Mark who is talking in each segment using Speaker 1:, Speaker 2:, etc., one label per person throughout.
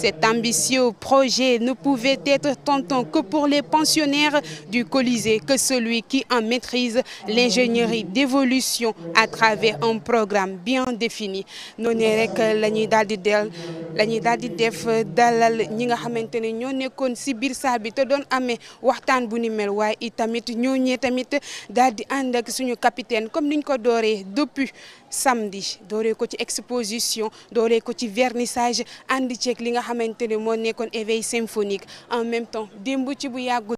Speaker 1: Cet ambitieux projet ne pouvait être tentant que pour les pensionnaires du Colisée, que celui qui en maîtrise l'ingénierie d'évolution à travers un programme bien défini noonu rek la ñuy daal di del la ñuy daal di def dalal ñi nga xamante ne ñoo nekkoon si biir saa bi te doon amee waxtaan bu ni mel waaye i tamit ñoo ñee tamit daal di ànd ak suñu capitaine comme niñ ko dooree depuis samedi dooree ko ci exposition dooree ko ci vernissage ànd ceeg li nga xamante ne moo nekkoon éveil symphonique en même temps démb ci bu yàggul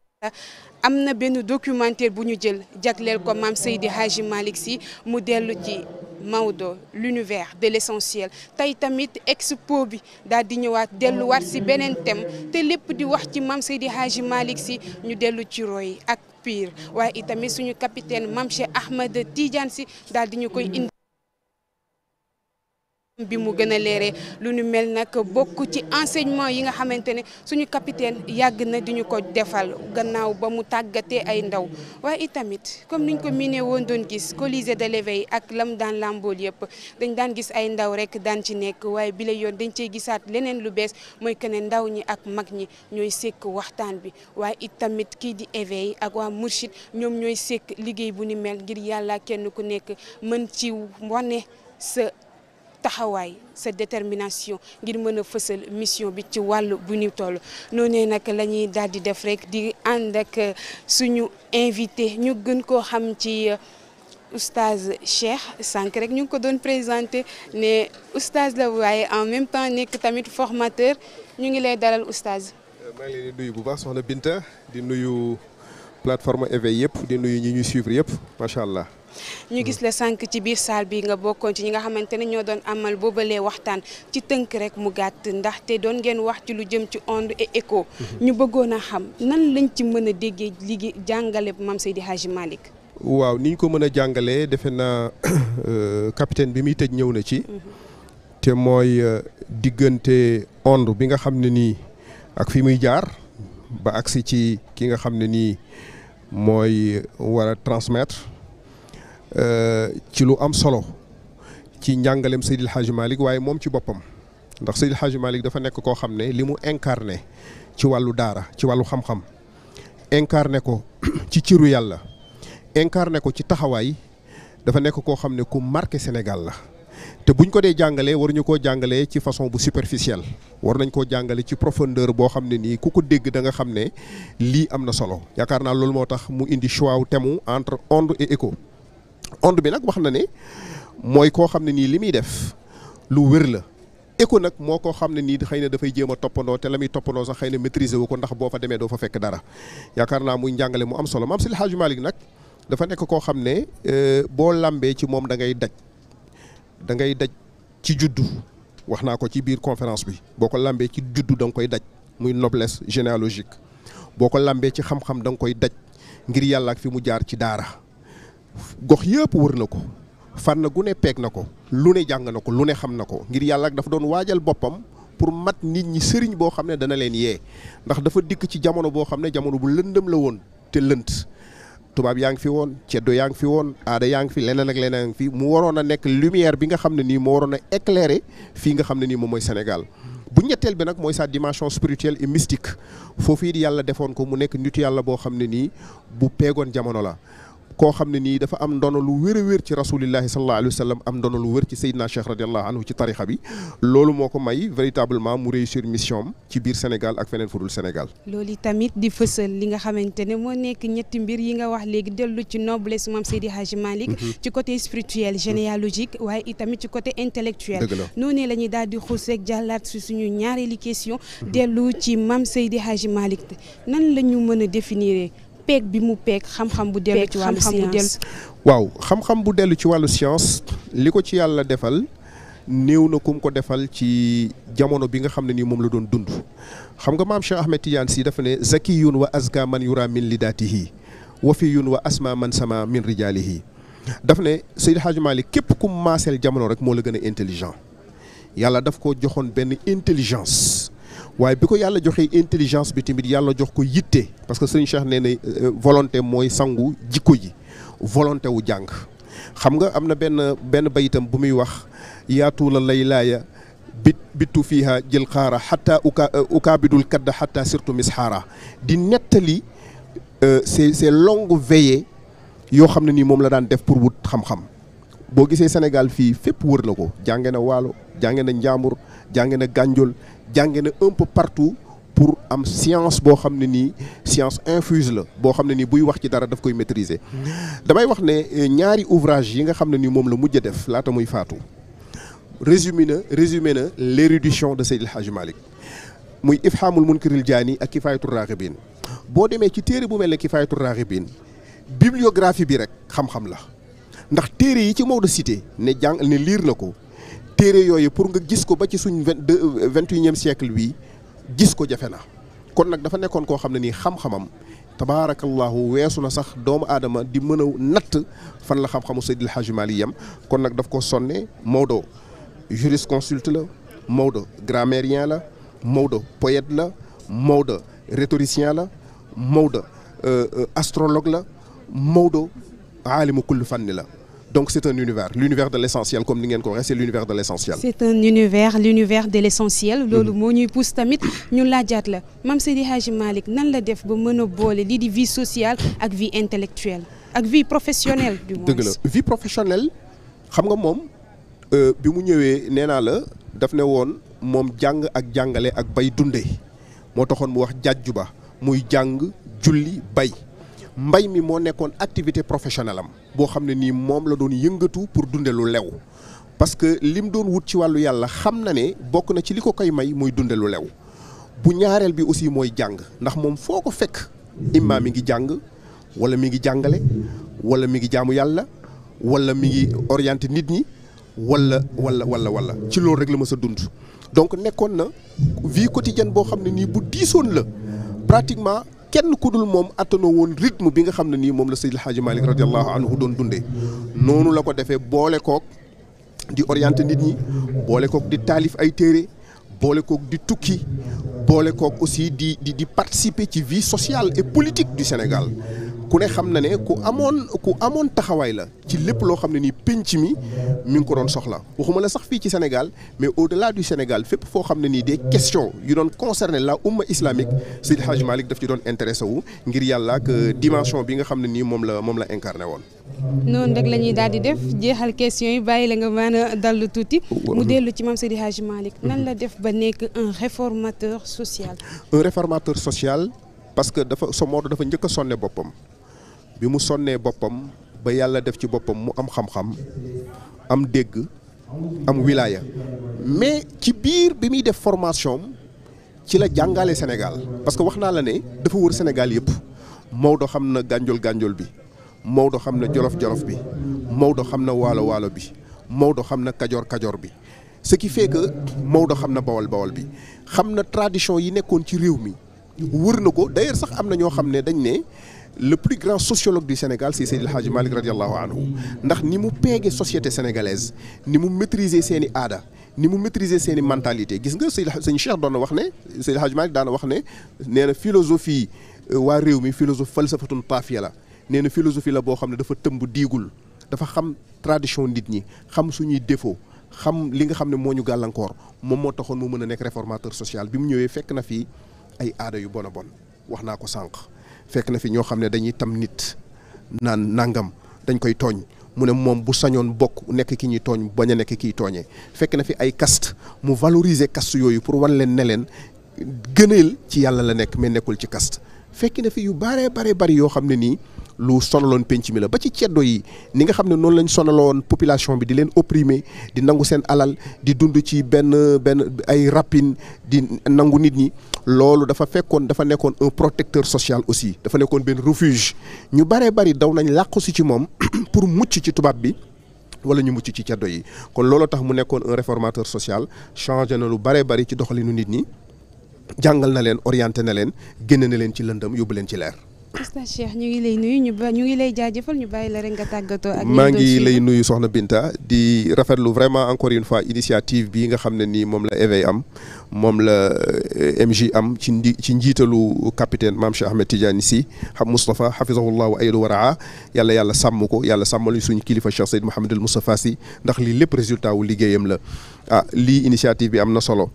Speaker 1: am na benn documentaire bu ñu jël jagleel ko maam di Hadji Malick si mu dellu ci Maodo l'univers de l'essentiel tey tamit expo bi daal di ñëwaat delluwaat si beneen thème te lépp di wax ci maam di Hadji Malick Sy ñu dellu ci roy ak pire waaye itamit suñu capitaine maam Cheikh Ahmed Tidiane Sy daal di ñu koy indi bi mu gën a leeree lu ñu mel nag bokk ci enseignement yi nga xamante ne suñu capitaine yàgg na di ñu ko defal gannaaw ba mu tàggatee ay ndaw waaye itamit comme niñ ko miinee woon doon gis colisée de l'éveil ak lam daan làmbool yëpp dañ daan gis ay ndaw rek daan ci nekk waaye bi la yoon dañ cey gisaat leneen lu bees mooy que ne ndaw ñi ak mag ñi ñooy sekk waxtaan bi waaye itamit di éveil ak waa Mourchid ñoom ñooy sekk liggéey bu ni mel ngir yàlla kenn ku nekk mën ci wane sa taxawaay sa détermination ngir mën a fësal mission bi ci wàll bu ñu toll noonee nag lañuy ñuy daal di def rek di ànd ak euh, suñu invité ñu gën koo xam ci euh, oustaz Cheikh sànq rek ñu ngi ko doon présenté ne oustaz la waaye en même temps nekk tamit formateur ñu ngi lay dalal oustaz.
Speaker 2: Euh, maa bu baax soxna Binta di nuyu plateforme éveil yëpp di nuyu ñi ñu suivre yëpp macha allah.
Speaker 1: ñu gis la sànq ci biir saal bi nga bokkoon ci ñi nga xamante ne ñoo doon amal boobalee waxtaan ci tënk rek mu gàtt ndaxte doon ngeen wax ci lu jëm ci onde et mhm. ñu bëggoon a xam nan lañ ci mën a déggee liggéey jàngale Mame di Hadji Malick
Speaker 2: waaw ni ñu ko mën a jàngalee defe naa euh, capitaine bi muy tëj ñëw na ci mhm. te mooy euh, diggante onde bi nga xam ne nii ak fi muy jaar ba agsi ci ki nga xam ne nii mooy war a Euh, ci lu am solo ci njàngaleem Seydil Hadji Malick waaye moom ci boppam ndax Seydil Hadji Malick dafa nekk koo xam ne li mu incarné ci wàllu daara ci wàllu xam-xam incarné ko ci ciru yàlla incarné ko ci taxawaay dafa nekk koo xam ne ku marqué Sénégal la te buñ ko dee jàngalee waruñu koo jàngalee ci façon bu superficielle war nañ koo jàngale ci profondeur boo xam ne nii ku ko dégg da nga xam ne lii am na solo yaakaar naa loolu moo tax mu indi choix wu thème entre onde et écho onde bi nag wax na ne mooy koo xam ne nii li muy def lu wér la éco nag moo koo xam ne nii xëy na dafay jéem toppandoo te la muy toppandoo sax xëy na maîtriser wu ko ndax boo fa demee doo fa fekk dara yaakaar naa muy njàngale mu am solo maam Seydi El Hadji Malick nag dafa nekk koo xam ne euh, boo làmbee ci moom da ngay daj da ngay daj ci juddu wax naa ko ci biir conférence bi boo ko lambee ci juddu da nga koy daj muy noblesse généalogique boo ko lambee ci xam-xam koy daj ngir yàlla ak fi mu jaar ci daara gox yëpp wër na ko fànn gu ne peeg na ko lu ne jàng na ko lu ne xam na ko ngir yàlla ak dafa doon waajal boppam pour mat nit ñi sëriñ boo xam ne dana leen yee ndax dafa dikk ci jamono boo xam ne jamono bu lëndam la woon te lënt tubaab yaa ngi fi woon ceddo yaa ngi fi woon aada yaa ngi fi leneen ak leneen a ngi fi mu waroon a nekk lumière bi nga xam ne nii moo waroon a éclairer fii nga xam ne nii moom mooy Sénégal bu ñetteel bi nag mooy sa dimension spirituelle et mystique foofu yàlla defoon ko mu nekk nitu yàlla boo xam ne nii bu peegoon jamono la koo xam ne nii dafa am ndono lu wér wér ci rasulillahi sallallahu alayhi wa am ndono lu wér ci Seydina Cheikh radiallahu anhu ci tarixa bi ko may véritablement mu réussir mission ci biir Sénégal ak feneen fudul Sénégal.
Speaker 1: loolu tamit di fësal li nga xamante ne moo nekk ñetti mbir yi nga wax léegi dellu ci noblesse maam Seydi Hadji Malick mhm. ci côté spirituel mhm. généalogique waaye itamit ci côté intellectuel. dëgg la noonu la ñuy daal di xuus jàllaat si suñu ñaareelu question. Mhm. dellu ci maam Seydi Hadji Malick nan la ñu mën a définir peeg bi mu peeg xam-xam bu dellu ci wàllu science
Speaker 2: waaw xam bu dellu ci wàllu science li ko ci yàlla defal néew na kum ko defal ci jamono bi nga xam ne nii moom la doon dund xam nga maam Cheikh Ahmed Tidiane si dafa ne zakiyun wa azka man yura min lidaatihi wafiyun wa asma man sama min rijaalihi daf ne Seydi Hadji Malick képp kum maaseel jamono rek moo la gën a intelligent yàlla daf ko joxoon benn intelligence waaye bi ko yàlla joxee intelligence bi tamit yàlla jox ko yitte parce que sëriñ Cheikh nee na euh, volonté mooy sangu jikko ji volonté wu jàng xam nga am na benn benn bayitam bu muy wax yaatu la lay laaya bit bittu fiiha jël xaara xatta uka euh, ukaabidul kadda xatta surtout xaara di nettali euh, ces ces longues veillées yoo xam ne nii moom la daan def pour wut xam-xam boo gisee Sénégal fii fépp wër na ko jànge na waalo jànge na njaambur jànge na gànjol jànge na un peu partout pour am science boo xam ne nii science infuse la boo xam ne ni buy wax ci dara daf koy maîtriser damay wax ne euh, ñaari ouvrage yi nga xam ne nii moom la mujj def laata muy faatu résumé na résumé na l'érudition de Seydil Hadji Malick muy ifhamul munkiril jaani ak kifayatul raghibin boo demee ci téere bu mel ne kifayatul raghibin bibliographie bi rek xam-xam la ndax téere yi ci Maodo cité ne jàng ne liir na ko téere yooyu pour nga gis ko ba ci suñ vingt deux vingt unième siècle bii gis ko jafe na kon nag dafa nekkoon koo xam ne nii xam-xamam tabaarakallahu weesu na sax doomu aadama di mën a natt fan la xam-xamu Seydil Hadji Malick yam kon nag daf ko sonne Maodo jurisconsulte la Maodo grammairien la Maodo poète la Maodo rhétoricien la Maodo euh, euh, astrologue la Maodo aalimu kulli fanni la donc c'est un univers l'univers de l'essentiel comme ni ngeen ko waxee c'est l'univers de l'essentiel
Speaker 1: c'est un univers l'univers de l'essentiel mhm. loolu moo ñuy pousse tamit ñu laajaat la Mame Seydi Hadji Malick nan la def ba mën a boole lii di vie sociale ak vie intellectuelle ak vie professionnelle
Speaker 2: du moins dëgg la vie professionnelle xam nga moom euh, bi mu ñëwee nee naa la daf ne woon moom jàng ak jàngale ak bay dundee moo taxoon mu wax jàjju ba muy jàng julli bay mbay mi moo nekkoon activité professionnelle am boo xam ne nii moom la doon yëngatu pour dunde lu lew parce que lim doon wut ci wàllu yàlla xam na ne bokk na ci li ko koy may mooy dunde lu lew bu ñaareel bi aussi mooy jàng ndax moom foo ko fekk imma mi ngi jàng wala mi ngi jàngale wala mi ngi jaamu yàlla wala mi ngi orienté nit ñi wala wala wala wala ci loolu rek la ma sa dund donc nekkoon na vie quotidienne boo xam ne nii bu diisoon la pratiquement kenn ku dul moom attanoo woon rythme bi nga xam ne nii moom la Seydil Hadji Malick radiallahu anhu doon dundee noonu la ko defee boole kook di orienté nit ñi boole kook di taalif ay téere boole kook di tukki boole kook aussi di di di participer ci vie sociale et politique du Sénégal ku ne xam na ne ku amoon ku amoon taxawaay la ci lépp loo xam ne nii pénc mi mi ngi ko doon soxla waxuma la sax fii ci Sénégal mais au-delà du Sénégal fépp foo xam ne nii de questions yu doon concerner la umma islamique Seydi Hadj Malick daf ci doon intéressé wu ngir yàlla ak euh, dimension bi nga xam ne nii moom la moom la incarné woon.
Speaker 1: noonu rek la ñuy daal di def jeexal question yi bàyyi la nga mën a dallu tuuti. mu dellu ci maam Seydi Hadj Malick. nan la def ba nekk un réformateur social.
Speaker 2: réformateur social parce que dafa sa Maodo dafa sonne boppam. bi mu sonnee boppam ba yàlla def ci boppam mu am xam-xam am dégg am wilaya mais ci biir bi muy def formation ci la jàngale Sénégal parce que wax naa la ne dafa wër Sénégal yëpp Maodo xam na gànjol gànjol bi Maodo xam na jolof jolof bi Maodo xam na waalo waalo bi Maodo xam na kajoor kajoor bi ce qui fait que Maodo xam na bawal bawal bi xam na tradition yi nekkoon ci réew mi wër na ko d'ailleurs sax am na ñoo xam ne dañ ne. le plus grand sociologue du Sénégal c'est Seydil Hadji Malick radiallahu anhu ndax ni mu peege société sénégalaise ni mu maîtriser seen i aada ni mu maîtriser seen i mentalité gis nga Seydil sëñ Cheikh doon na wax ne Seydil Hadji Malick daan na wax ne nee na philosophie euh, waa réew mi philosophie falsafatun paafiya la nee na philosophie la boo xam ne dafa tëmb diigul dafa xam tradition nit ñi xam suñuy défo xam li nga xam ne moo ñu gàllankoor moom moo taxoon mu mën a nekk réformateur social bi mu ñëwee fekk na fii ay yu bon bon wax naa ko sànq fekk na fi ñoo xam ne dañuy tam nit naan nangam dañ koy tooñ mu ne moom bu sañoon bokk nekk ki ñuy tooñ bañ a nekk kiy tooñee fekk na fi ay kast mu valoriser caste yooyu pour wan leen ne leen gëneel ci yàlla la nekk mais nekkul ci kast fekk na fi yu bare bare bari yoo xam ne nii lu sonaloon penc mi la ba ci ceddo yi ni nga xam ne noonu lañ sonaloon population bi di leen opprimer di nangu seen alal di dund ci benn benn ay rapine di nangu nit ñi loolu dafa fekkoon dafa nekkoon un protecteur social aussi dafa nekkoon benn refuge ñu baree bari daw nañ làqu si ci moom pour mucc ci tubaab bi wala ñu mucc ci ceddo yi kon looloo tax mu nekkoon un réformateur social changé na lu baree bari ci doxalinu nit ñi jàngal na leen orienté na leen génne na leen ci lëndëm yóbbu leen ci leer
Speaker 1: Oustaz Cheikh ñu ngi lay nuyu ñu ñu ngi lay jaajëfal ñu bàyyi la rek nga tàggatoo maa ngi lay
Speaker 2: nuyu soxna Binta di rafetlu vraiment encore une fois initiative bii nga xam ne nii moom la éveil am moom la euh, MJ am ci ndi ci njiitalu capitaine Mame Cheikh Ahmed Tidiane Sy xam Moustapha hafizahullah wa aydu waraa yàlla yàlla sàmm ko yàlla sàmmal suñu kilifa Cheikh Seyd Mouhamadul Moustapha si ndax lii lépp résultat wu liggéeyam la ah lii initiative bi am na solo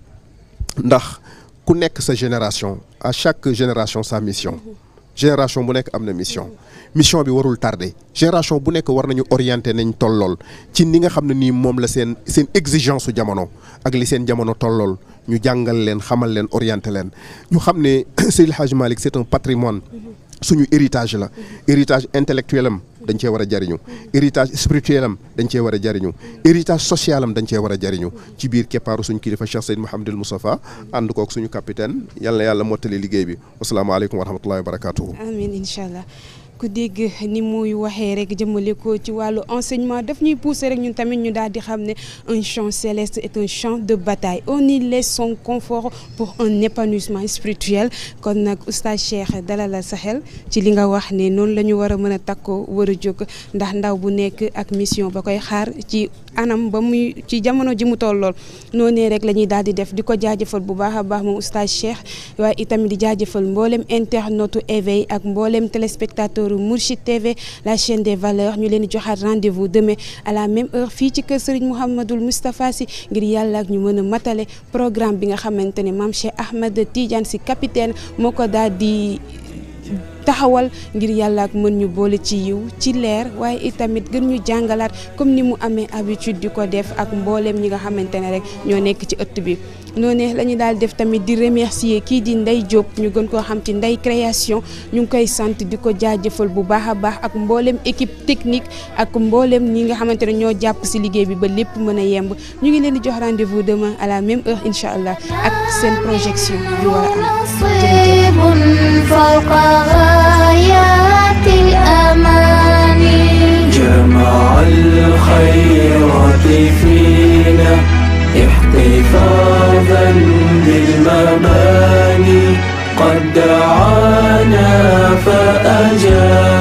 Speaker 2: ndax ku nekk sa génération à chaque génération sa mission mm-hmm. génération bu nekk am na mission mission bi warul tardé génération bu nekk war nañu orienté nañ tollool ci ni nga xam ne nii moom la seen seen exigence su jamono ak li seen jamono tollool ñu jàngal leen xamal leen orienté leen ñu xam ne Seydi El Hadji Malick c'est un patrimoine mm-hmm. suñu héritage la héritage intellectuel dañ cee war a jariñu héritage spirituel am dañ cee war a jariñu héritage social am dañ cee war a jariñu ci biir keppaaru suñu kilifa Cheikh Seyd Mouhamadul Moustapha ànd kook suñu capitaine yàlla yàlla mottali liggéey bi wasalaamaaleykum wa rahmatullahi wa barakaatuhu.
Speaker 1: amiin incha allah. ku dégg ni muy waxee rek jëmale ko ci wàllu enseignement def ñuy pousser rek ñun tamit ñu daal di xam ne un champ céleste est un champ de bataille on y laisse son confort pour un épanouissement spirituel kon nag oustaz Cheikh dalal sa xel ci li nga wax ne noonu la ñu war a mën a takkoo war a jóg ndax ndaw bu nekk ak mission ba koy xaar ci anam ba muy ci jamono ji mu toll lool noonee rek la ñuy daal di def di ko jaajëfal bu baax a baax moom oustaz Cheikh waaye itamit di jaajëfal mboolem internaute éveil ak mboolem téléspectateurs Mourchid TV la chaîne des valeurs ñu leen di joxaat rendez-vous demain même heure fii ci kër Serigne Mouhamadul Moustapha Sy ngir yàlla ak ñu mën matale programme bi nga xamante ne maam Cheikh Ahmed Tidiane Sy capitaine moo ko daal taxawal ngir yàlla ak mën ñu boole ci yiw ci leer waaye itamit gën ñu jàngalaat comme ni mu amee habitude di ko def ak mbooleem ñi nga xamante ne rek ñoo nekk ci ëtt bi noonu la ñu daal def tamit di remercier kii di ndey Diop ñu gën koo xam ci Ndeye Création ñu ngi koy sant di ko jaajëfal bu baax a baax ak mboolem équipe technique ak mboolem ñi nga xamante ne ñoo jàpp si liggéey bi ba lépp mën a yemb ñu ngi leen di jox rendez-vous demain à même heure incha allah ak seen projection حب فوق غايات الأماني
Speaker 2: جمع الخيرات فينا احتفاظا بالمباني قد دعانا فأجاب